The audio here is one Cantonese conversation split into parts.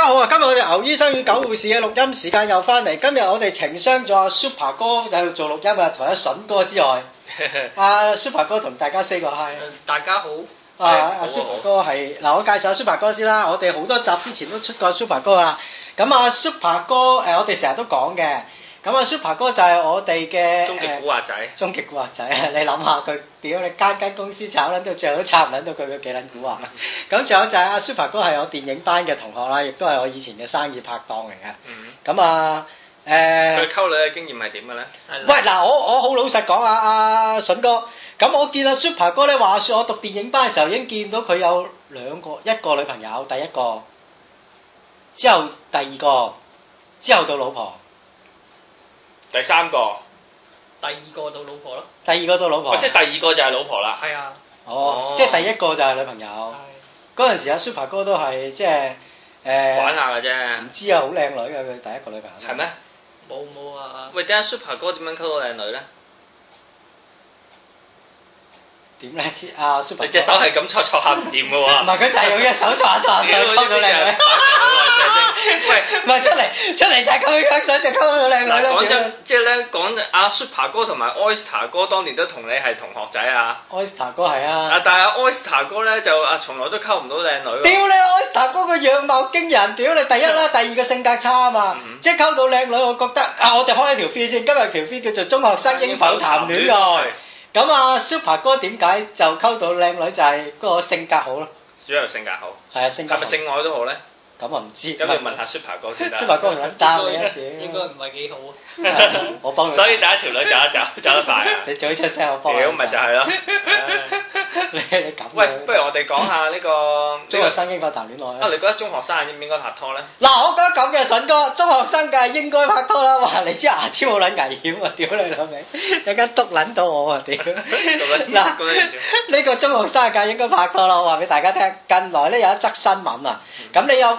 大家好啊！今日我哋牛醫生與狗護士嘅錄音時間又翻嚟。今日我哋情商咗阿 Super 哥喺度做錄音啊，同阿筍哥之外、啊，阿 Super 哥同大家 say 個 hi。大家好。啊，Super 哥係，嗱，我介紹下 Super 哥先啦。我哋好多集之前都出過 Super 哥啊。咁阿 Super 哥誒，呃、我哋成日都講嘅。咁阿 Super 哥就係我哋嘅終極古惑仔，終極古惑仔。你諗下佢屌你，間間公司炒撚都最後都炒唔撚到佢嘅幾撚古惑。咁仲 有就係阿 Super 哥係我電影班嘅同學啦，亦都係我以前嘅生意拍檔嚟嘅。咁 啊，誒、欸，佢溝女嘅經驗係點嘅咧？ 喂，嗱，我我好老實講啊，阿筍哥，咁我見阿 Super 哥咧，話說我讀電影班嘅時候已經見到佢有兩個，一個女朋友，第一個之後第二個,之後,第二個之後到老婆,婆。第三個，第二個到老婆咯，第二個到老婆，即係第二個就係老婆啦，係啊，哦，即係第一個就係女朋友，嗰陣時阿 Super 哥都係即係誒、呃、玩下嘅啫，唔知啊，好靚女嘅佢第一個女朋友，係咩？冇冇啊？喂，等下 Super 哥點樣溝到靚女咧？點咧？阿、啊、Super 你隻手係咁搓搓下唔掂嘅喎。唔係佢就係用隻手搓下搓下， her，想溝到靚女。喂，唔係出嚟出嚟就係咁樣想，就溝到靚女咯。嗱，講真，即係咧講阿 Super 哥同埋 Oyster 哥當年都同你係同學仔啊。Oyster 哥係啊，啊哥。啊，但係 Oyster 哥咧就啊，從來都溝唔到靚女。屌你 Oyster 哥個樣貌驚人屌你第一啦，第二個性格差啊嘛，即係溝到靚女，我覺得啊，我哋開一條片先，今日條片叫做中學生應否談戀愛，哦。咁啊，Super 哥點解就溝到靚女就係個性格好咯，主要性格好，係啊，性格好，係咪性愛都好咧？咁啊唔知，咁要問下 Super 哥先啦。Super 哥唔想擔一屌，應該唔係幾好啊。我幫你。所以第一條女走一走，走得快啊。你嘴出聲，我幫你。屌咪就係咯。你你咁。喂，不如我哋講下呢個中學生應該談戀愛啊。啊，你覺得中學生應唔應該拍拖咧？嗱，我覺得咁嘅筍哥，中學生梗係應該拍拖啦。哇，你知牙超冇卵危險啊！屌你老味，有間篤卵到我啊！屌。嗱，呢個中學生嘅應該拍拖啦，我話俾大家聽。近來咧有一則新聞啊，咁你有？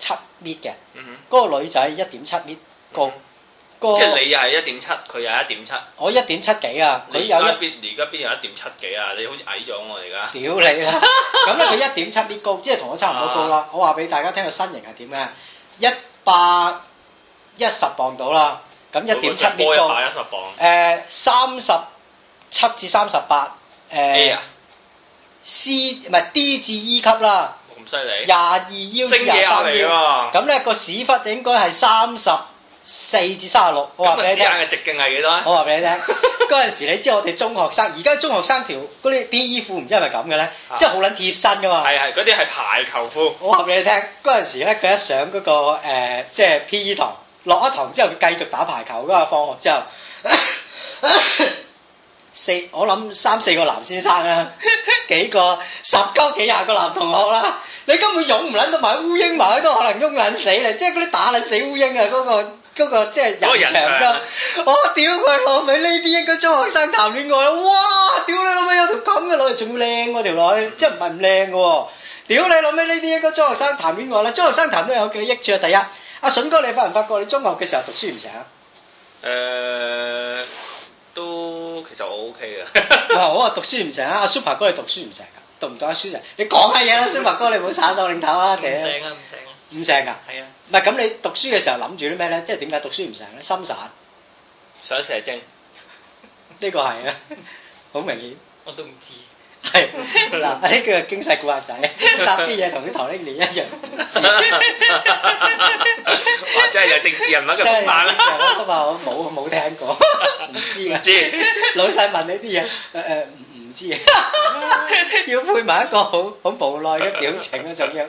七米嘅，嗰個女仔一點七米高，即係你又係一點七，佢又一點七。我一點七幾啊？你有一邊你而家邊有一點七幾啊？你好似矮咗我而家。屌你啦！咁咧佢一點七米高，即係同我差唔多高啦。我話俾大家聽個身形係點嘅，一百一十磅到啦。咁一點七米高。高一百一十磅。誒，三十七至三十八誒。啊。C 唔係 D 至 E 級啦。唔犀利廿二腰升嘢，咁咧個屎忽就應該係三十四至三十六。我話俾你聽嘅直徑係幾多？我話俾你聽，嗰陣 時你知我哋中學生，而家中學生條嗰啲啲衣褲唔知係咪咁嘅咧？啊、即係好撚貼身噶嘛。係係，嗰啲係排球褲。我話俾你聽，嗰陣時咧佢一上嗰、那個即係、呃就是、P.E. 堂，落咗堂之後佢繼續打排球嗰個放學之後， 四我諗三四個男先生啊，幾個十鳩幾廿個男同學啦。 你根本擁唔撚到埋烏蠅埋，喺度都可能擁撚死你，即係嗰啲打撚死烏蠅、那個那個那個、啊！嗰個嗰個即係人牆咯。我屌佢老尾呢啲一個中學生談戀愛，哇！屌你老尾有條咁嘅女仲靚喎條女，即係唔係唔靚嘅喎？屌你老尾呢啲一個中學生談戀愛啦，中學生談戀愛，愛有幾益處啊？第一，阿、啊、筍哥你發唔發覺你中學嘅時候讀書唔成？誒、呃，都其實我 OK 嘅。我 話、哦、讀書唔成啊！Super 哥你讀書唔成。讀唔到啲書就，你講下嘢啦，孫白哥，你唔好耍手擰頭啊，頂！唔醒啊，唔醒！唔醒噶？係啊，唔係咁你讀書嘅時候諗住啲咩咧？即係點解讀書唔醒咧？心散，想射精，呢個係啊，好明顯，我都唔知。係嗱，呢個經濟古惑仔答啲嘢同啲唐英年一樣。哇！真係有政治人物嘅風範啦。風範我冇冇聽過，唔知唔知，老細問你啲嘢，誒誒。 要配埋一個好好無奈嘅表情嗰種樣，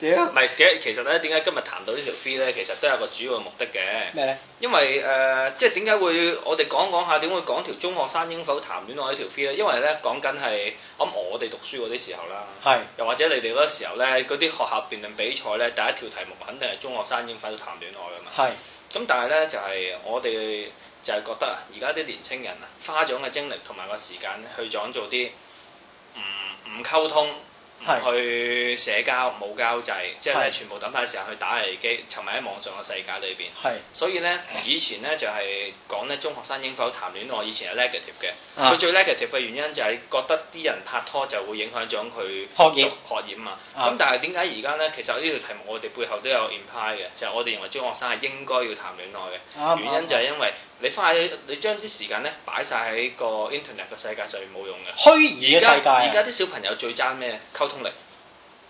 屌！唔係，其實咧，點解今日談到呢條 free 咧？其實都有個主要嘅目的嘅。咩咧？因為誒、呃，即係點解會我哋講一講一下點會講條中學生應否談戀愛呢條 free 咧？因為咧，講緊係我哋讀書嗰啲時候啦，係是又或者你哋嗰時候咧，嗰啲學校辯論比賽咧，第一條題目肯定係中學生應否談戀愛㗎嘛。係咁是，但係咧就係、是、我哋。就係覺得啊，而家啲年青人啊，花咗嘅精力同埋個時間去想做啲唔唔溝通，唔去社交、冇交際，即係是全部等曬時間去打遊戲機，沉迷喺網上嘅世界裏邊。係是，所以咧以前咧就係講咧中學生應否談戀愛，以前係 negative 嘅。佢、啊、最 negative 嘅原因就係覺得啲人拍拖就會影響咗佢學業驗學業啊嘛。咁、啊、但係點解而家咧？其實呢條題目我哋背後都有 imply 嘅，就係、是、我哋認為中學生係應該要談戀愛嘅。啊、原因就係因為。你花你將啲時間咧擺晒喺個 internet 嘅世界上面冇用嘅，虛擬世界。而家而家啲小朋友最爭咩？溝通力。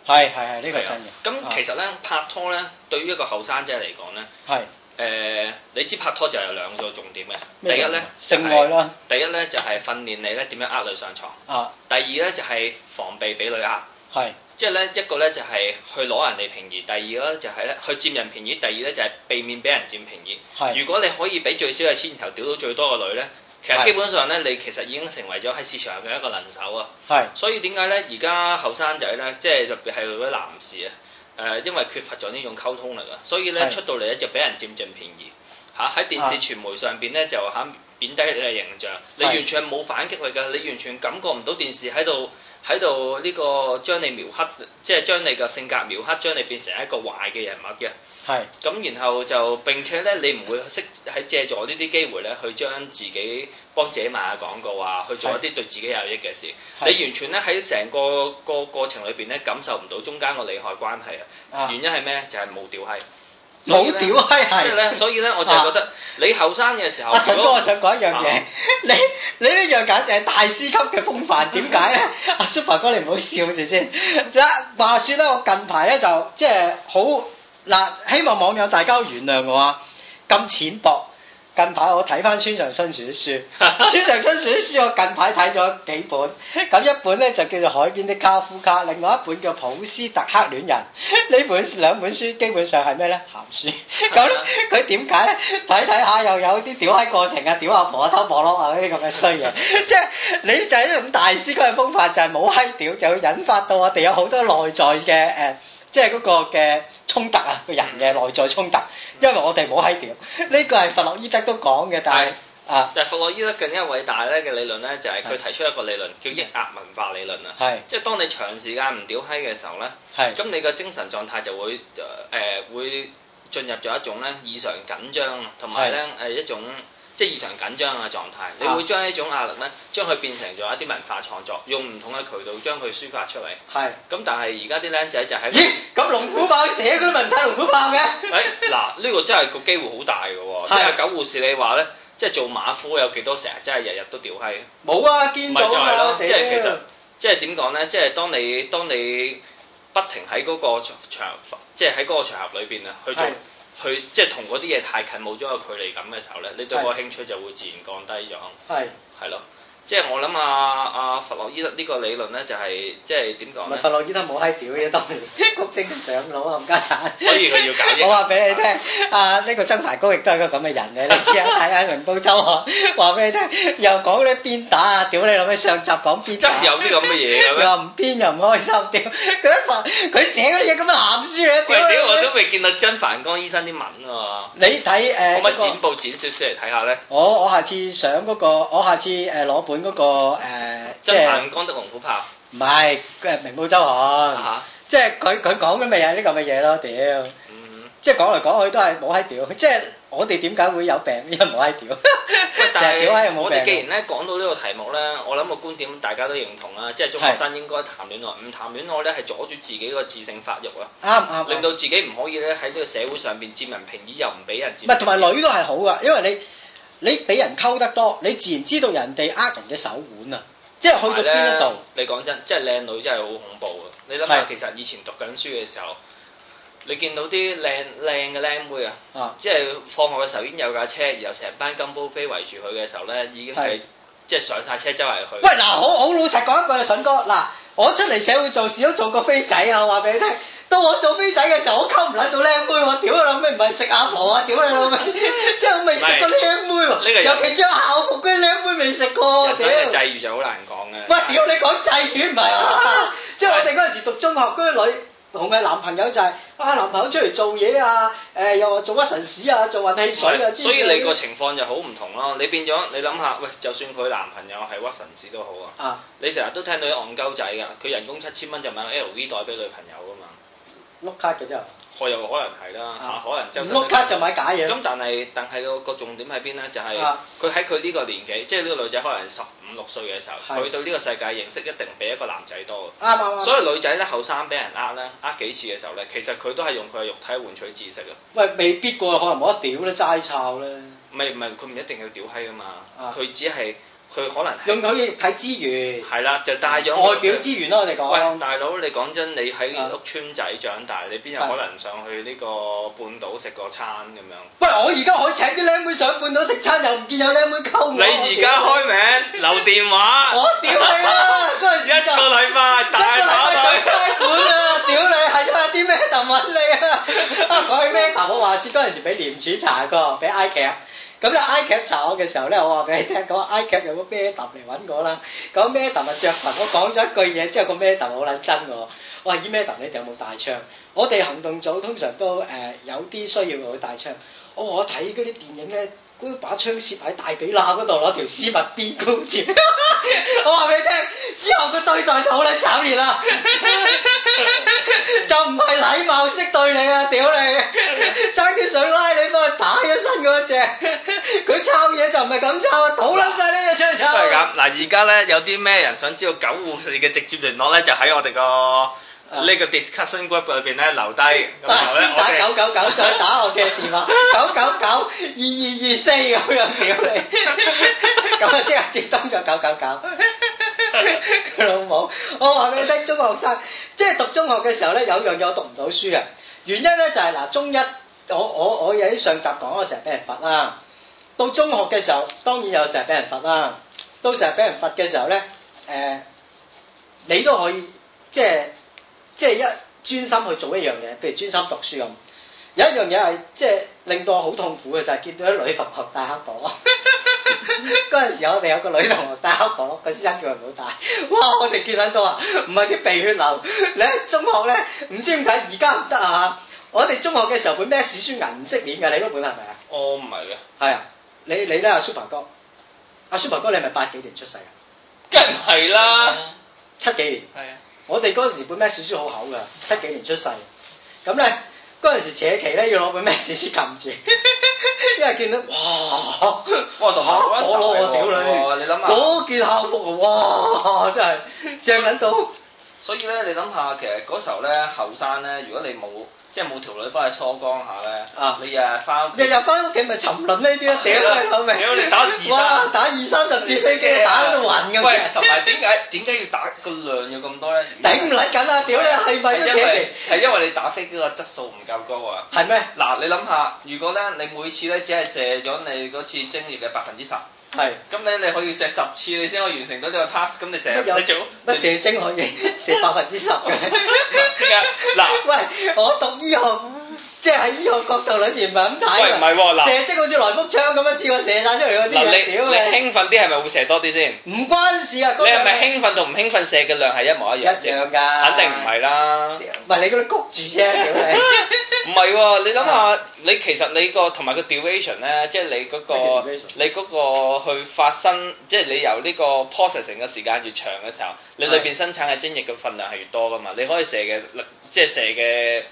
係係係，呢、這個係真嘅。咁、啊、其實咧，拍拖咧，對於一個後生仔嚟講咧，係是。誒、呃，你知拍拖就有兩個重點嘅，第一咧性愛啦，第一咧就係訓練你咧點樣呃女上床，啊、第二咧就係、是、防備俾女呃。係。即係咧一個咧就係去攞人哋便宜，第二個就係咧去佔人便宜，第二咧就係避免俾人佔便宜。係是，如果你可以俾最少嘅錢然後，屌到最多嘅女咧，其實基本上咧是你其實已經成為咗喺市場入面嘅一個能手啊。係是，所以點解咧而家後生仔咧，即係特別係嗰啲男士啊，誒、呃，因為缺乏咗呢種溝通力啊，所以咧是出到嚟咧就俾人佔盡便宜。嚇，喺電視傳媒上邊咧就嚇貶低你嘅形象，是你完全係冇反擊力㗎，你完全感覺唔到電視喺度。喺度呢個將你描黑，即係將你個性格描黑，將你變成一個壞嘅人物嘅。係是。咁然後就並且咧，你唔會識喺藉助呢啲機會咧，去將自己幫自己賣下廣告啊，去做一啲對自己有益嘅事。是你完全咧喺成個個，個過程裏邊咧，感受唔到中間個利害關係啊。原因係咩？就係冇屌閪。冇屌閪係，所以咧，所以咧，我就係覺得你後生嘅時候，阿順哥，我想講一樣嘢、啊，你你呢樣簡直係大師級嘅風範，點解咧？阿、 啊、Super 哥，你唔好笑住先、啊。話說咧，我近排咧就即係、就是、好嗱、啊，希望網友大家原諒我啊，咁淺薄。近排我睇翻村上春樹啲書， 村上春樹啲書我近排睇咗幾本，咁一本咧就叫做《海邊的卡夫卡》，另外一本叫《普斯特克戀人》。呢本兩本書基本上係咩咧鹹書？咁佢點解咧？睇睇下又有啲屌閪過程啊、屌阿婆啊、偷婆攞啊呢啲咁嘅衰嘢。即係、 就是、你就係一種大師嗰種風範，就係冇閪屌，就會引發到我哋有好多內在嘅誒。Uh, 即係嗰個嘅衝突啊，個人嘅內在衝突，嗯、因為我哋冇閪屌，呢、這個係弗洛伊德都講嘅，但係是啊，但係弗洛伊德更加偉大咧嘅理論咧，就係、是、佢提出一個理論的叫抑壓文化理論啊，的即係當你長時間唔屌閪嘅時候咧，咁的你個精神狀態就會誒、呃呃、會進入咗一種咧異常緊張，同埋咧誒一種。即係異常緊張嘅狀態，你會將呢種壓力咧，將佢變成咗一啲文化創作，用唔同嘅渠道將佢抒發出嚟。係是。咁但係而家啲僆仔就喺咦？咁龍虎豹寫嗰啲咪唔係龍虎豹嘅？喂、 哎，嗱，呢、這個真係個機會好大嘅喎、哦是。即係狗護士你話咧，即係做馬虎有幾多成日真係日日都屌閪？冇啊，見咗就係咯，啊、即係其實，即係點講咧？即係當你當你不停喺嗰個場即係喺嗰個場合裏邊啊，去做。佢即係同嗰啲嘢太近，冇咗個距離感嘅時候咧，你對個興趣就會自然降低咗。係係咯。即係我諗啊啊佛洛伊德呢個理論咧，就係即係點講咧？佛洛伊德冇閪屌嘅，當然谷精上腦啊，冚家鏟。 所以佢要解僆。我話俾你聽， 啊呢個曾繁光亦都係個咁嘅人咧，你試下睇下，《明報週刊》，話俾你聽，又講你鞭打啊，屌你諗起上集講鞭打，真有啲咁嘅嘢嘅咩？又唔鞭又唔開心，屌佢一發佢寫嘅嘢咁啊鹹書嚟嘅。屌，喂屌你我都未見到曾繁光醫生啲文啊！你睇看誒？有冇乜剪報剪少少嚟睇下咧？我我下次上嗰個，我下次誒攞本。嗰，那個誒，即係江德龍虎豹，唔係明報周刊，即係佢佢講緊咪係呢咁嘅嘢咯，屌，即係講嚟講去都係冇閪屌，即係我哋點解會有病，因為冇閪屌， 成日屌閪又冇病，我哋既然咧講到呢個題目咧，我諗個觀點大家都認同啦，即係中學生應該談戀愛，唔談戀愛咧係阻住自己個自性發育啊，啱啱，令到自己唔可以咧喺呢個社會上邊佔人便宜又唔俾人佔。唔係同埋女都係好噶，因為你。你俾人溝得多，你自然知道人哋呃人嘅手腕啊！即係去到邊一度？你講真，即係靚女真係好恐怖啊！你諗下，是其實以前讀緊書嘅時候，你見到啲靚靚嘅靚妹啊，啊即係放學嘅時候已經有架車，然後成班金鋪飛圍住佢嘅時候咧，已經係。即係上晒車周圍去喂。喂嗱，我好老實講一句啊，筍哥，嗱，我出嚟社會做事都做過飛仔啊，我話俾你聽。到我做飛仔嘅時候，我溝唔甩到靚妹，我屌你老味唔係食阿婆啊，屌你老味，即係 我未食過靚妹喎，是尤其穿校服嗰啲靚妹未食過。真係際遇就好難講嘅。喂是，屌你講際遇唔係，即係、啊、 我哋嗰陣時讀中學嗰啲、那個、女。同佢男朋友就係、是、啊男朋友出嚟做嘢啊，誒、呃、又話做，做屈臣氏啊，做運汽水啊， 所以你個情況就好唔同咯。你變咗你諗下，喂，就算佢男朋友係屈臣氏都好啊，啊你成日都聽到啲戇鳩仔噶，佢人工七千蚊就買 LV 袋俾女朋友噶嘛，碌、啊、卡嘅啫。佢又可能係啦，嚇、啊，啊、可能就係碌卡就買假嘢。咁但係，但係個重點喺邊咧？就係佢喺佢呢個年紀，即係呢個女仔可能十五六歲嘅時候，佢、啊、對呢個世界認識一定比一個男仔多啊。啊！啊所以女仔咧，後生俾人呃咧，呃幾次嘅時候咧，其實佢都係用佢嘅肉體換取知識㗎。喂，未必㗎，可能冇得屌咧，齋抄咧。唔係唔係，佢唔一定要屌閪㗎嘛，佢、啊、只係。佢可能係用可以睇資源，係 啦， 就帶咗外表資源咯、啊。我哋講，喂，大佬，你講真，你喺屋村仔長大，你邊有可能上去呢個半島食個餐咁樣？的喂，我而家可以請啲靚妹上半島食餐，又唔見有靚妹溝我。你而家開名 留電話， 我屌你啦！嗰時就一個禮拜，大佬，禮拜 上差館啊！屌你係因為啲咩揼揾你啊？起 咩、啊？我, anda, 我話事嗰陣時俾廉署查過，俾挨極。咁咧，ICAC 查我嘅時候咧，我話俾你聽，講 ICAC 有個咩 Madam 嚟揾我啦。講咩 Madam 着裙，我講咗一句嘢之後， 後那個咩 Madam 好撚憎我。我話，咦，咩 Madam 你哋有冇帶槍？我哋行動組通常都誒有啲需要我帶槍。我我睇嗰啲電影咧。嗰把槍攝喺大髀罅嗰度攞條絲襪邊箍住， 我話俾你聽，之後佢對待就好撚慘烈啦， 就唔係禮貌式對你啊，屌你，爭啲水拉你幫佢打起身嗰隻、那個，佢 抄嘢就唔係咁抄，搗捻晒呢隻出嚟抄。都係咁，嗱而家咧有啲咩人想知道狗護士嘅直接聯絡咧，就喺我哋個。呢個 discussion group 裏邊咧留低，先打九九九再打 okay、啊、24, 我嘅電話，九九九二二二四咁樣屌你，咁啊即刻接通咗九九九。佢老母，我話俾你聽，中學生即係讀中學嘅時候咧，有樣嘢我讀唔到書嘅、啊，原因咧就係、是、嗱，中一我我我喺上集講我成日俾人罰啦、啊，到中學嘅時候當然有成日俾人罰啦、啊，到成日俾人罰嘅時候咧，誒、呃，你都可以即係。即係一專心去做一樣嘢，譬如專心讀書咁。有一樣嘢係即係令到我好痛苦嘅，就係、是、見到啲女同學戴黑布。嗰 陣 時我哋有個女同學戴黑布咯，個先生叫佢唔好戴。哇！我哋見得多啊，唔係啲鼻血流。你喺中學咧，唔知點解而家唔得啊？我哋中學嘅時候佢咩史書銀色面嘅，你嗰本係咪啊？我唔係啊。係啊，你你咧阿 Super 哥，阿 Super 哥你係咪八幾年出世啊？梗係啦，七幾年。係啊。我哋嗰陣時本咩小書好厚㗎，七幾年出世，咁咧嗰陣時扯旗咧要攞本咩小書冚住， 因為見到哇，哇，就嚇到我，屌你！你諗下！件校服啊，哇，真係正緊到，所以咧當你諗下，其實嗰時候咧後生咧，如果你冇。即係冇條女幫你梳光下咧啊！你日日翻屋日日翻屋企咪沉淪呢啲啊？屌你打二三，哇！打二三十次飛機打到暈咁。喂，同埋點解點解要打個量要咁多咧？頂唔嚟緊啊！屌你係咪都係因為你打飛機個質素唔夠高啊？係咩？嗱，你諗下，如果咧你每次咧只係射咗你嗰次精液嘅百分之十。係，咁你你可以射十次，你先可以完成到呢個 task。咁你成日唔使做，射精可以射百分之十嘅。點解？嗱，喂，我讀醫學，即係喺醫學角度裏邊唔係咁睇。喂唔係喎，嗱，射精好似來福槍咁樣似我射晒出嚟嗰啲你！你興奮啲係咪會射多啲先？唔關事啊。你係咪興奮同唔興奮射嘅量係一模一樣？一樣噶，肯定唔係啦。唔係你嗰度谷住啫，屌你！唔係喎，你諗下，啊、你其實你個同埋個 duration 咧，即係 Duration. 你嗰個你嗰個去發生，即係你由呢個 process 嘅時間越長嘅時候，你裏邊生產嘅精液嘅份量係越多噶嘛，你可以射嘅，即係射嘅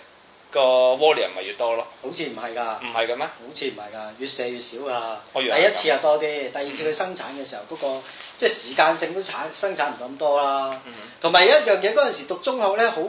個 volume 咪越多咯。好似唔係㗎，唔係㗎咩？好似唔係㗎，越射越少啊。我第一次啊多啲，嗯哼第二次佢生產嘅時候嗰個即係時間性都產生產唔咁多啦。同埋、嗯哼一樣嘢，嗰陣時讀中學咧好。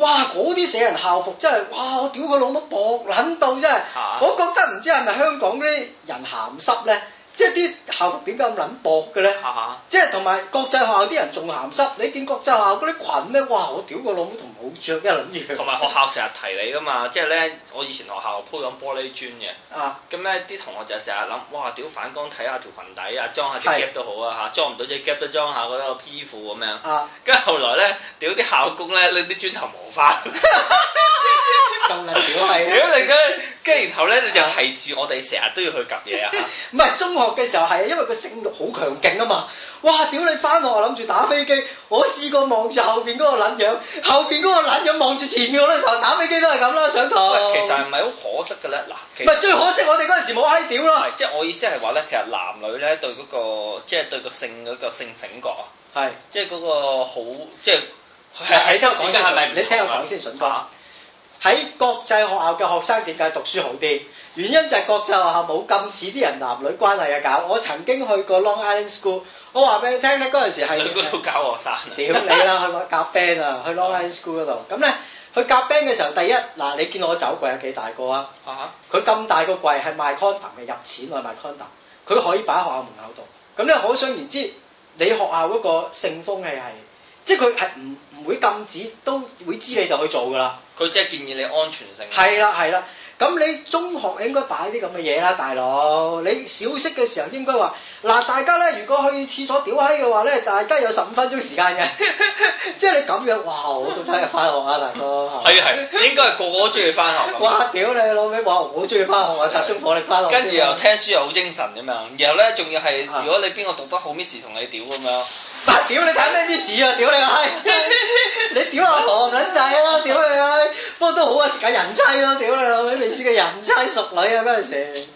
哇！嗰啲死人校服真係哇！我屌個老母搏捻到真係，啊、我覺得唔知係咪香港啲人鹹濕咧。即係啲校服點解咁撚薄嘅咧？啊、即係同埋國際學校啲人仲鹹濕，你見國際學校嗰啲裙咧？哇！我屌個老母都唔好着，一嘅住。同埋學校成日提你噶嘛。即係咧，我以前學校鋪緊玻璃磚嘅，咁咧啲同學就成日諗哇屌反光睇下條裙底啊，裝下隻 gap 都好啊嚇，裝唔到隻 gap 都裝下嗰個 P 褲咁樣。跟住後來咧，屌啲校工咧拎啲磚頭磨花。 夠啦，屌係，跟住、啊、 然後咧你就提示我哋成日都要去揼嘢啊！唔係 中學嘅時候係啊，因為個性慾好強勁啊嘛！哇，屌你翻學諗住打，打飛機，我試過望住後邊嗰個撚樣，後邊嗰個撚樣望住前邊嗰個撚樣打飛機都係咁啦上堂，哦。其實係唔係好可惜嘅咧？嗱，唔係最可惜我哋嗰陣時冇閪屌咯。即係、就是、我意思係話咧，其實男女咧對嗰、那個即係、就是、對個性嗰、那個性醒覺啊，係即係嗰個好即係時間係咪先，係咪唔同啊？喺國際學校嘅學生點解讀書好啲，原因就係國際學校冇禁止啲人男女關係嘅搞。我曾經去過 Long Island School，我話俾你聽咧，嗰、那、陣、個、時係 去嗰度教學生。屌你啦，去夾 band 啊，去 Long Island School 嗰度。咁咧，去夾 band 嘅時候，第一嗱，你見我酒櫃有幾大個啊？嚇！佢咁大個櫃係賣 condom 嘅，入錢去賣 condom，佢可以擺喺學校門口度。咁咧，可想而知，你學校嗰個性風氣係。即係佢係唔唔會禁止，都會知你就去做㗎啦。佢即係建議你安全性。係啦係啦，咁你中學應該擺啲咁嘅嘢啦，大佬。你小息嘅時候應該話，嗱，大家咧，如果去廁所屌閪嘅話咧，大家有十五分鐘時間嘅。 即係你咁樣，哇我都想入翻學啊，大哥。係係， 應該係個個都中意翻學。 哇！屌你老味，哇！我好中意翻學啊，集中火力翻學。跟住又聽書又好精神咁樣，然後咧仲要係，如果你邊個讀得好，Miss 同你屌咁樣。 啊屌你睇咩啲事啊！屌你閪、啊， 你屌阿婆唔仔滯屌你閪、啊啊，不過都好啊，食下人妻咯、啊！屌你老、啊、味，未、啊、試過人妻熟女啊！嗰陣時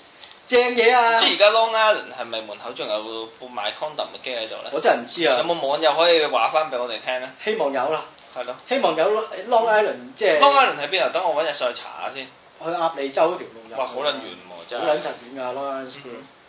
正嘢啊！即係而家 Long Island 係咪門口仲有部賣 Condom 嘅機喺度咧？我真係唔知啊！有冇網友可以話翻俾我哋聽啊？希望有啦。係咯的。希望有 Long Island，就是、Long Island 即係。Long Island 喺邊啊？等我揾日上去查下先。去鴨脷洲嗰條路哇！好撚遠喎，真係。好撚遠啊，Long Island。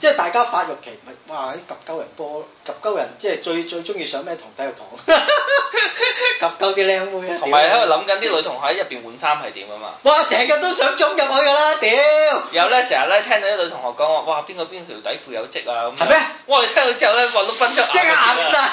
即係大家發育期咪哇，喺及鳩人多，及鳩人即係最最中意上咩堂？體育堂，及鳩啲靚妹同埋喺度諗緊啲女同學喺入邊換衫係點啊嘛哇、嗯！哇，成日都想衝入去噶啦，屌！然後咧，成日咧聽到啲女同學講話，哇，邊個邊條底褲有跡啊？咁係咩？嗎哇！你聽到之後咧，鬱碌奔出，即係硬晒！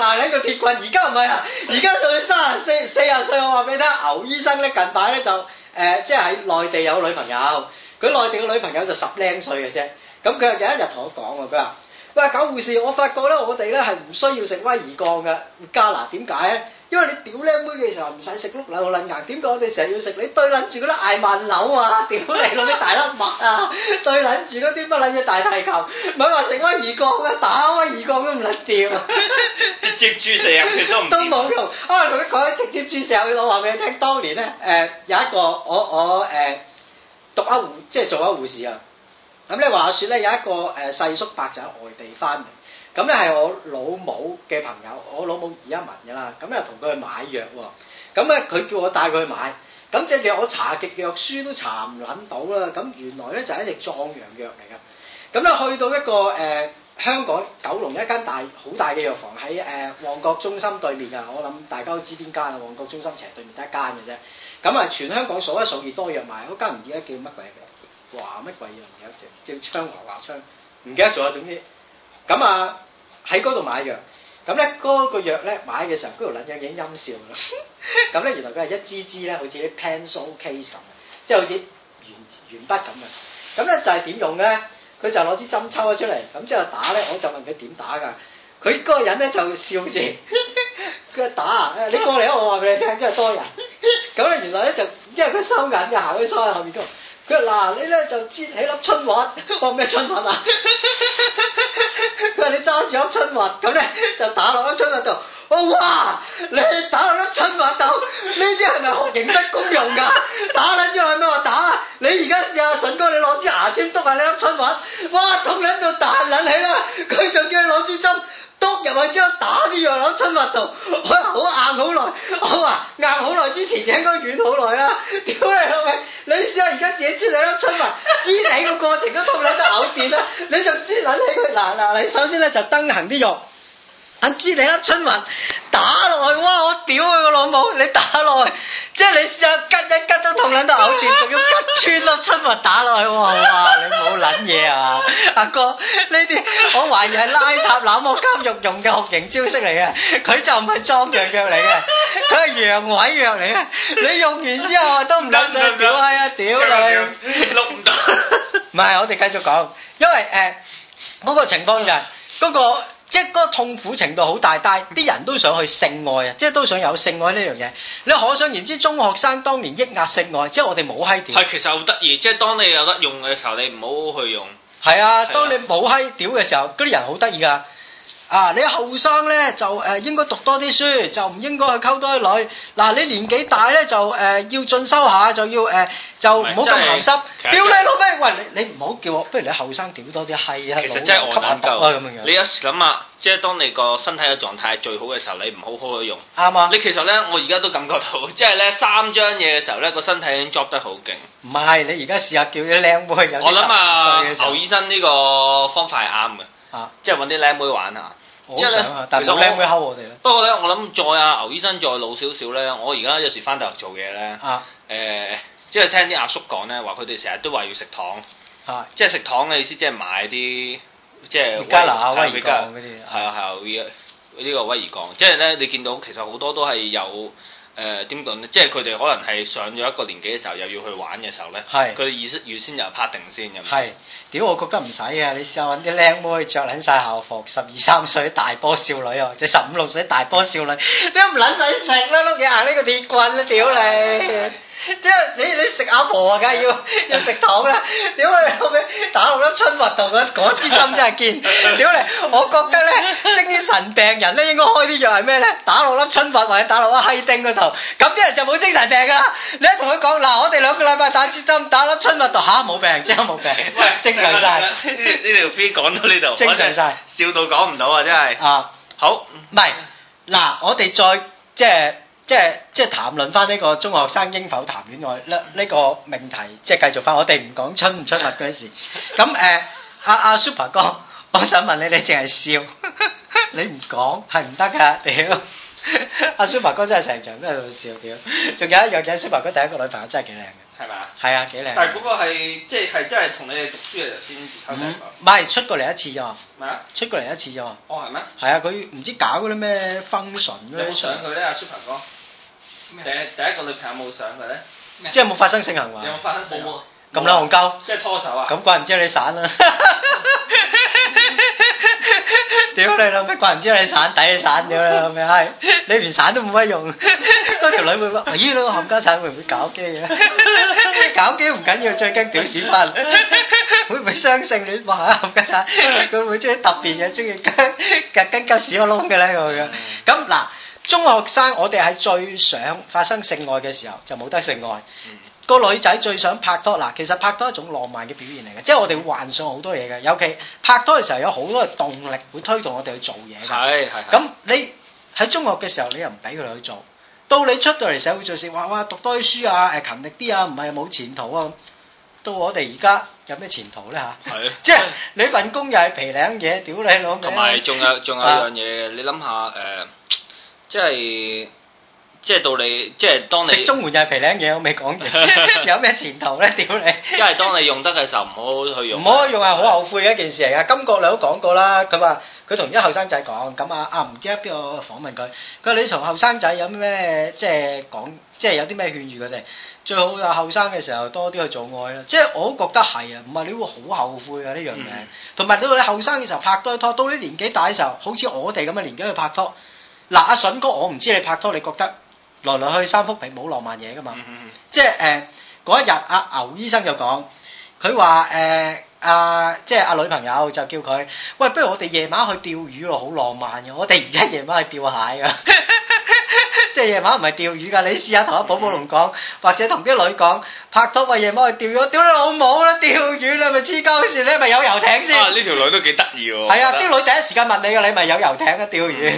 嗱，你個鐵棍。而家唔係啦，而家到算三十四、四十歲，我話俾你聽，牛醫生咧近排咧就誒、呃，即係喺內地有女朋友。佢內地嘅女朋友就十靚歲嘅啫，咁佢又有一日同我講，佢話，喂，狗護士，我發覺咧，我哋咧係唔需要食威而鋼嘅。加拿點解咧？因為你屌靚妹嘅時候唔使食碌柳檸牙，點解我哋成日要食？你堆攬住嗰啲捱萬柳啊！屌你咯，啲大粒物啊！堆攬住嗰啲乜撚嘢大太球，唔係話食威而鋼嘅，打威而鋼都唔甩屌，直接注射入去都都冇用，我同你講，直接注射去。我話俾你聽，當年咧，誒有一個，我我誒。讀阿護，即係做一護士啊！咁咧話説咧，有一個誒細叔伯就喺外地翻嚟，咁咧係我老母嘅朋友，我老母二一文㗎啦，咁咧同佢去買藥喎，咁咧佢叫我帶佢去買，咁隻藥我查極藥書都查唔撚到啦，咁原來咧就係一隻壯陽藥嚟噶，咁咧去到一個誒、呃、香港九龍一間大好大嘅藥房喺誒、呃、旺角中心對面㗎，我諗大家都知邊間啊，旺角中心斜對面得一間嘅啫。咁啊，全香港數一數二多藥賣，嗰間唔知咧叫乜鬼嘢名，哇乜鬼嘢唔記得咗，叫昌華華昌，唔記得咗，總之，咁啊喺嗰度買藥，咁咧嗰個藥咧買嘅時候，嗰條撚樣已經陰笑啦，咁咧原來佢係一支支咧，好似啲 pencil case 咁，即係好似鉛鉛筆咁嘅，咁咧就係、是、點用嘅咧？佢就攞支針抽咗出嚟，咁之後打咧，我就問佢點打㗎？佢嗰個人咧就笑住，佢 話打啊，你過嚟啊，我話俾你聽，因為多人。咁咧原來咧就，因為佢收緊嘅，行去收喺後面度。佢話嗱你咧就摺起粒春雲，我、哦、咩春雲啊？佢 話你揸住粒春雲，咁咧就打落粒春雲度。我、哦、話：哇，你打落粒春雲度，呢啲係咪學刑得公用㗎？打卵啫，係咩話打？你而家試下順哥，你攞支牙籤篤下你粒春雲，哇，咁卵到彈卵起啦！佢仲叫你攞支針。篤入去之後打啲藥落粒春文度，我、哎、話好硬好耐、啊，我話硬好耐之前就應該軟好耐啦。屌你老味，你試下而家自己出兩粒春文，擠你個過程都痛到我嘔點啦！你就擠捻起佢嗱嗱你，首先咧就登行啲、這、肉、個，啊擠你粒春文打落去，哇我屌！冇，你打落去，即係你試下吉一吉都痛撚到嘔尿，仲要吉穿粒春物打落去，哇！你冇撚嘢啊，阿哥，呢啲我懷疑係拉塔那摩監獄用嘅酷刑招式嚟嘅，佢就唔係壯陽藥嚟嘅，佢係陽痿藥嚟嘅，你用完之後都唔得上表啊！屌你，錄唔到。唔係，我哋繼續講，因為誒嗰個情況就係嗰個。即係嗰個痛苦程度好大，但係啲人都想去性愛啊，即係都想有性愛呢樣嘢。你可想而知，中學生當年抑壓性愛，即係我哋冇閪屌。係其實好得意，即係當你有得用嘅時候，你唔好去用。係啊，啊，當你冇閪屌嘅時候，嗰啲人好得意啊。啊！你後生咧就誒、呃、應該讀多啲書，就唔應該去溝多啲女。嗱、啊、你年紀大咧就誒、呃、要進修下，就要誒、呃、就唔好咁鹹濕。屌你老咩？喂，你你唔好叫我，不如你後生屌多啲係啊。其實真係我。懶咁、啊、樣，你有時諗下，即係當你個身體嘅狀態最好嘅時候，你唔好好用。啱啊！你其實咧，我而家都感覺到，即係咧三張嘢嘅時候咧，個身體已經作得好勁。唔係你而家試下叫啲靚妹有啲十零歲嘅時候。牛、啊、醫生呢個方法係啱嘅。啊！即係揾啲靚妹玩啊！我好想啊，但係冇靚妹溝我哋。不過咧，我諗再阿牛醫生再老少少咧，我而家有時返大陸做嘢咧。啊！誒，即係聽啲阿叔講咧，話佢哋成日都話要食糖。啊！即係食糖嘅意思，即係買啲即係威而鋼啊，啲。係啊係啊，呢個威而鋼，即係咧你見到其實好多都係有。誒點講呢？即係佢哋可能係上咗一個年紀嘅時候，又要去玩嘅時候呢，係是，佢二月先，佢哋預先又拍定先咁。係，屌，我覺得唔使啊。你試下揾啲靚妹着緊晒校服，十二三歲大波少女啊，即係十五六歲大波少女，15, 少女 你都唔撚使食啦，碌嘢行呢個鐵棍啊，屌 你！即係你你食阿婆啊，梗係要要食糖啦！屌你後屘打落粒春蜜度嘅嗰支針真係堅！屌你，我覺得咧精神病人咧應該開啲藥係咩咧？打落粒春蜜或者打落粒嘿丁嗰度，咁啲人就冇精神病噶啦！你一同佢講嗱，我哋兩個禮拜打支針，打粒春蜜度嚇冇病，即刻冇病，正常晒，呢條片講到呢度，正常晒。笑到講唔到啊！真係啊，好唔係嗱，我哋再即係。即係即係談論翻呢個中學生應否談戀愛咧呢個命題，即係繼續翻。我哋唔講出唔出物嗰啲事。咁誒，阿阿 Super 哥，我想問你，你淨係笑，你唔講係唔得㗎。屌，阿 Super 哥真係成場都喺度笑，屌。仲有一樣嘢，Super 哥第一個女朋友真係幾靚嘅。係嘛？係啊，幾靚。但係嗰個係即係係真係同你哋讀書嘅時候先至溝女朋友。唔係出過嚟一次咋嘛？咩啊？出過嚟一次咋嘛？哦，係咩？係啊，佢唔知搞嗰啲咩 function 咧。你想佢咧，阿 Super 哥？第第一個女朋友有冇上佢咧？即係冇發生性行為，有冇發生？冇咁啦，憨鳩，即係拖手啊？咁怪唔知你散啦！屌你老味，怪唔知你散，抵你散屌啦，咪閪！你連散都冇乜用，嗰條女會唔會？咦，嗰個冚家鏟會唔會搞基啊？搞基唔緊要，最驚屌屎忽。會唔會雙性戀啊？冚家鏟，佢會唔會中意特別嘢？中意跟跟跟屎窿嘅咧？佢咁嗱。中學生我哋係最想發生性愛嘅時候就冇得性愛，個女仔最想拍拖嗱。其實拍拖係一種浪漫嘅表現嚟嘅，即係我哋幻想好多嘢嘅，尤其拍拖嘅時候有好多嘅動力會推動我哋去做嘢嘅，係係，咁你喺中學嘅時候你又唔俾佢去做，到你出到嚟社會做事話哇讀多啲書啊，誒勤力啲啊，唔係冇前途啊，到我哋而家有咩前途咧吓？係，即係你份工又係皮靚嘢，屌你老母！同埋仲有仲有一樣嘢，你諗下誒。即係即係到你即係當你食中滿就係皮靚嘢，我未講完，有咩前途咧？屌你！即係當你用得嘅時候唔好去用，唔好用係好後悔嘅一件事嚟噶。金國亮都講過啦，佢話佢同啲後生仔講，咁啊啊唔記得邊個訪問佢，佢話你同後生仔有咩即係講，即係有啲咩勸喻佢哋，最好啊後生嘅時候多啲去做愛啦。即係我都覺得係啊，唔係你會好後悔啊呢樣嘢。同埋、嗯、你你後生嘅時候拍多啲拖，到你年紀大嘅時候，好似我哋咁嘅年紀去拍拖。嗱，阿笋、啊、哥，我唔知你拍拖，你覺得來來去三幅被冇浪漫嘢噶嘛？嗯嗯嗯即係誒，嗰、呃、一日，阿、啊、牛醫生就講佢話：誒。呃啊，即係阿女朋友就叫佢，喂，不如我哋夜晚去釣魚咯，好浪漫嘅。我哋而家夜晚去釣蟹啊，即係夜晚唔係釣魚㗎。你試下同阿寶寶龍講，或者同啲女講，拍拖啊，夜晚去釣魚，屌你老母啦，釣魚啊，係咪黐鳩線？你咪有遊艇先。啊，呢條女都幾得意喎。係啊，啲女第一時間問你嘅，你咪有遊艇啊，釣魚。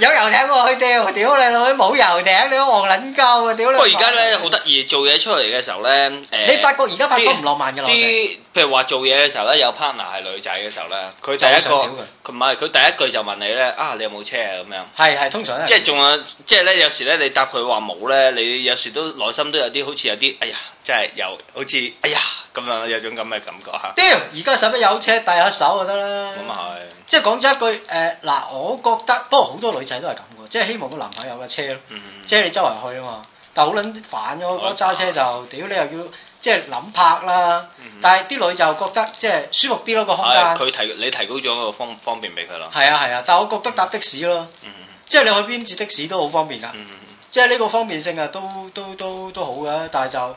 有遊艇喎，去釣，屌你老母冇遊艇，你戇撚鳩啊，屌你！不過而家咧好得意，做嘢出嚟嘅時候咧，誒，你發覺而家拍拖唔浪漫嘅，浪漫。話做嘢嘅時候咧，有 partner 係女仔嘅時候咧，佢第一個，唔係佢第一句就問你咧，啊你有冇車啊咁樣？係係，通常咧即係仲有，即係咧有時咧你答佢話冇咧，你有時都內心都有啲好似有啲哎呀，即係又好似哎呀咁樣，有種咁嘅感覺吓。屌、啊，而家使乜有車，帶下手就得啦。咁啊係。即係講咗一句，誒、呃、嗱，我覺得，不過好多女仔都係咁嘅，即係希望個男朋友有架車咯，嗯、即係你周圍去啊嘛。但好撚煩嘅，揸車就屌、啊、你又要即係諗泊啦，嗯、哼但係啲女就覺得即係舒服啲咯，這個空間。佢、啊、提你提高咗個方方便俾佢咯。係啊係啊，但係我覺得搭的士咯，嗯、哼即係你去邊截的士都好方便㗎。嗯、哼即係呢個方便性啊，都都都都好嘅，但係就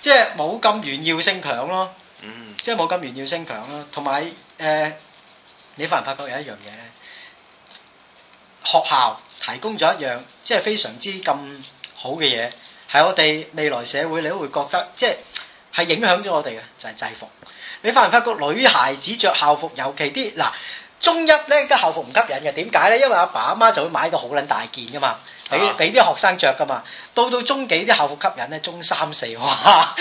即係冇咁炫耀性強咯。即係冇咁炫耀性強咯，同埋誒你有有發唔發覺有一樣嘢？學校提供咗一樣，即係非常之咁。好嘅嘢，係我哋未來社會，你都會覺得即係係影響咗我哋嘅就係、是、制服。你發唔發覺，女孩子着校服尤其啲嗱，中一咧啲校服唔吸引嘅，點解咧？因為阿爸阿媽就會買個好捻大件噶嘛，俾俾啲學生着噶嘛。到到中幾啲校服吸引咧，中三四哇，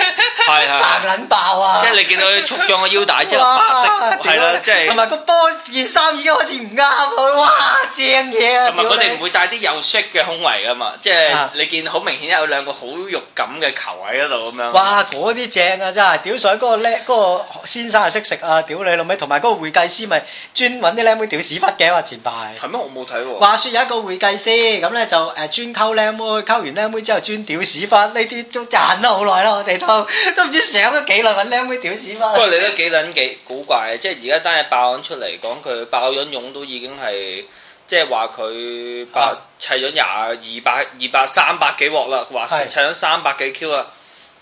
係扎到爆啊！即係你見到佢束咗個腰帶啫，係啦，即係同埋個波件衫已經開始唔啱佢，哇正嘢啊！同埋佢哋唔會帶啲有色嘅胸圍㗎嘛，即係你見好明顯有兩個好肉感嘅球喺嗰度咁樣。哇！嗰啲正啊，真係屌水！嗰個叻嗰個先生係識食啊，屌你老味！同埋嗰個會計師咪專揾啲靚妹屌屎忽嘅，話前排。係咩？我冇睇喎。話說有一個會計師咁咧，就誒專溝靚妹，溝完靚妹。之後專屌屎翻呢啲都賺得好耐啦，我哋都都唔知成日都幾耐搵靚妹屌屎翻。不過你都幾撚幾古怪，即係而家單日爆出嚟，講佢爆咗勇都已經係，即係話佢爆、啊、砌咗廿二百、二百三百幾鑊啦，話砌咗三百幾 Q 啊。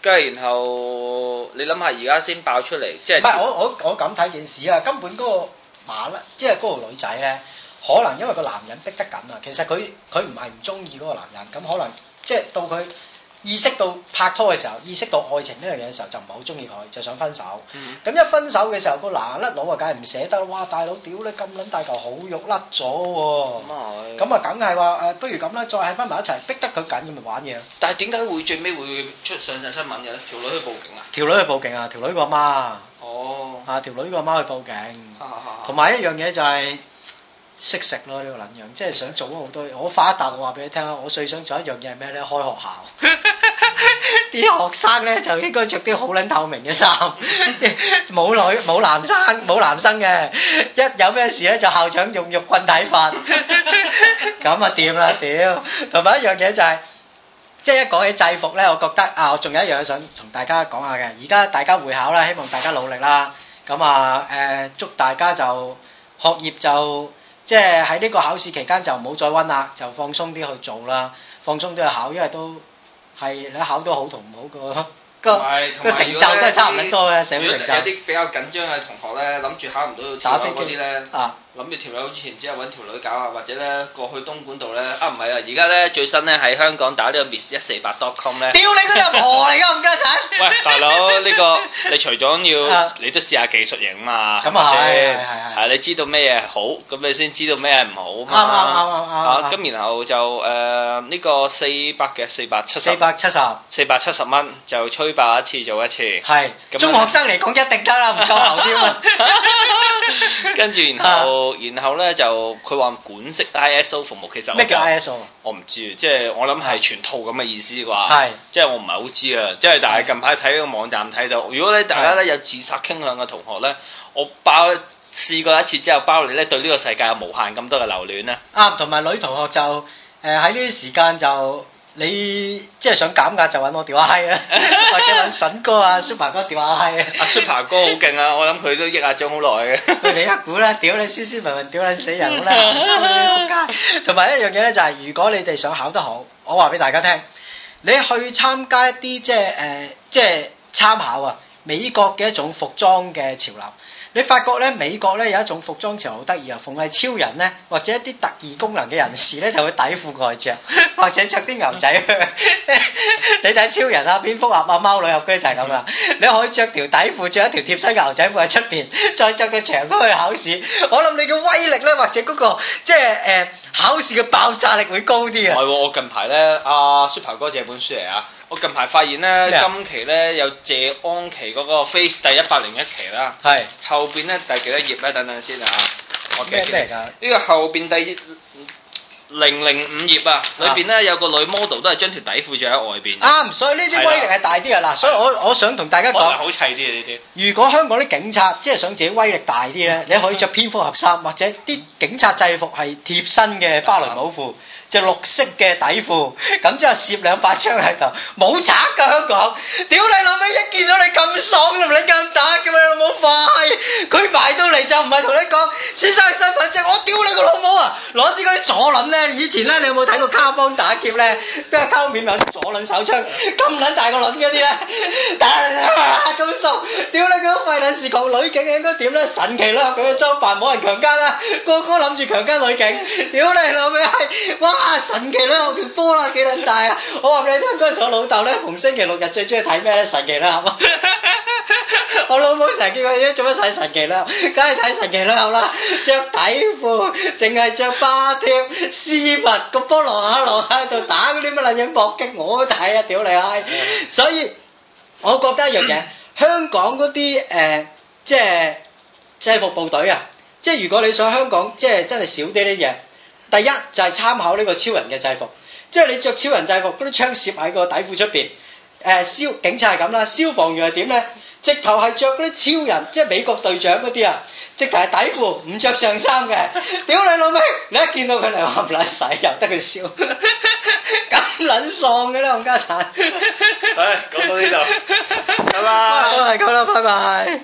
跟住是然後你諗下，而家先爆出嚟，即係唔係我我我咁睇件事啊？根本嗰、嗰個馬啦，即係嗰個女仔咧，可能因為個男人逼得緊啊。其實佢佢唔係唔中意嗰個男人，咁可能。即係到佢意識到拍拖嘅時候，意識到愛情呢樣嘢嘅時候，就唔係好中意佢，就想分手。咁、嗯、一分手嘅時候，個嗱甩佬啊，梗係唔捨得咯。哇，大佬屌你咁撚大嚿好肉甩咗。咁啊，咁啊、嗯，梗係話誒，不如咁啦，再喺翻埋一齊，逼得佢緊咁咪玩嘢。但係點解會最尾會出上集新聞嘅咧？條女去報警啊？條女去報警啊？條、啊、女個阿媽。哦。啊，條女個阿媽去報警。同埋、啊啊啊啊、一樣嘢就係、是。識食咯，呢個男人，即係想做咗好多嘢。我發一達，我話俾你聽啊！我最想做一樣嘢係咩咧？開學校，啲學生咧就應該着啲好撚透明嘅衫，冇女冇男生冇男生嘅，一有咩事咧就校長用肉棍體罰，咁啊掂啦屌！同埋一樣嘢就係，即係一講起制服咧，我覺得啊，我仲有一樣嘢想同大家講下嘅。而家大家會考啦，希望大家努力啦。咁啊，誒祝大家就學業就。即係喺呢個考試期間就唔好再温啦，就放鬆啲去做啦，放鬆啲去考，因為都係你考得好同唔好個，個個有成就都係差唔多嘅社會成就。有啲比較緊張嘅同學咧，諗住考唔到呢打飛機嗰啲咧啊。咁你條友之前之後揾條女搞下，或者咧過去東莞度咧，啊唔係啊，而家咧最新咧喺香港打呢個 miss 一四八 dot com 咧。屌你個孽婆嚟㗎，唔交錢！喂，大佬呢個，你除咗要，你都試下技術型啊嘛。咁啊係係你知道咩嘢好，咁你先知道咩嘢唔好啊嘛。啱啱啱啱。啊，咁然後就誒呢個四百嘅四百七十。四百七十。四百七十蚊就吹爆一次做一次。係。中學生嚟講一定得啦，唔夠流啲嘛。跟住然後。然後咧就佢話管式 ISO 服務，其實咩叫 ISO？我唔知，即係我諗係全套咁嘅意思啩。係是，即係我唔係好知啊。即係但係近排睇個網站睇到，如果咧大家咧有自殺傾向嘅同學咧，是我包試過一次之後包你咧對呢個世界有無限咁多嘅留戀咧。啊，同埋女同學就誒喺呢啲時間就你即係想減壓就揾我電話嗨 i 啊，或者揾筍哥啊 super 哥電話嗨 啊，阿 super 哥好勁啊，我諗佢都抑壓咗好耐嘅。你 一估咧，屌你斯斯文文，屌你死人屌，好難行，同埋一樣嘢咧，就係如果你哋想考得好，我話俾大家聽，你去參加一啲即係誒、呃、即係參考啊美國嘅一種服裝嘅潮流。你發覺咧，美國咧有一種服裝潮流好得意啊，逢係超人咧或者一啲特異功能嘅人士咧，就會底褲外着，或者着啲牛仔。你睇超人啊、蝙蝠俠啊、貓女啊，嗰啲就係咁啦。你可以着條底褲，着一條貼身牛仔褲喺出邊，再着件長褲去考試。我諗你嘅威力咧，或者嗰個即係誒考試嘅爆炸力會高啲啊。係，我近排咧阿 Super 哥借本書嚟啊。我近排發現呢，麼今期呢，有謝安琪嗰個 Face 第一百零一期啦，係是後邊呢，第幾多頁呢？等等先啊！我記得呢個後邊第零零五頁啊，裏邊、啊、呢，有個女 model 都係將條底褲着喺外邊。啱、啊，所以呢啲威力係大啲啊！嗱的，所以我我想同大家講，好砌啲呢啲。如果香港啲警察即係想自己威力大啲呢，嗯、你可以着蝙蝠俠衫或者啲警察制服係貼身嘅巴雷姆褲。嗯只綠色嘅底褲，咁之後攝兩把槍喺度，冇賊噶，香港，屌你老味！一見到你咁爽，同你咁大嘅老母快，佢埋到嚟就唔係同你講，先生嘅身份證，我屌你個老母啊！攞支嗰啲左輪咧，以前咧你有冇睇過卡邦打劫咧？邊個溝面有啲左輪手槍，咁撚大個輪嗰啲咧，打咁爽！屌你個廢撚事，講女警應該點咧？神奇啦，佢嘅裝扮冇人強姦啦，個個諗住強姦女警，屌你老味！哇～啊，神奇啦，我見波啦，幾靚大啊！我話俾你聽，嗰陣時我老豆咧，逢星期六日最中意睇咩咧？神奇啦，我老母成日見過，你做乜睇神奇啦？梗係睇神奇啦，好啦，著底褲，淨係著芭貼絲襪，個波攞下攞下喺度打嗰啲乜撚樣搏擊，我都睇啊，屌你閪！所以我覺得一樣嘢，香港嗰啲誒，即係制服部隊啊，即係如果你想香港即係真係少啲啲嘢。第一就係、是、參考呢個超人嘅制服，即係你着超人制服，嗰啲槍攝喺個底褲出邊。誒、呃、消警察係咁啦，消防員係點咧？直頭係着嗰啲超人，即係美國隊長嗰啲啊，直頭係底褲，唔着上衫嘅。屌你老味，你一見到佢嚟話唔甩又得佢笑，咁撚喪嘅啦，冚家鏟。唉、哎，講到呢度，拜拜。夠啦，夠啦，拜拜。拜拜拜拜。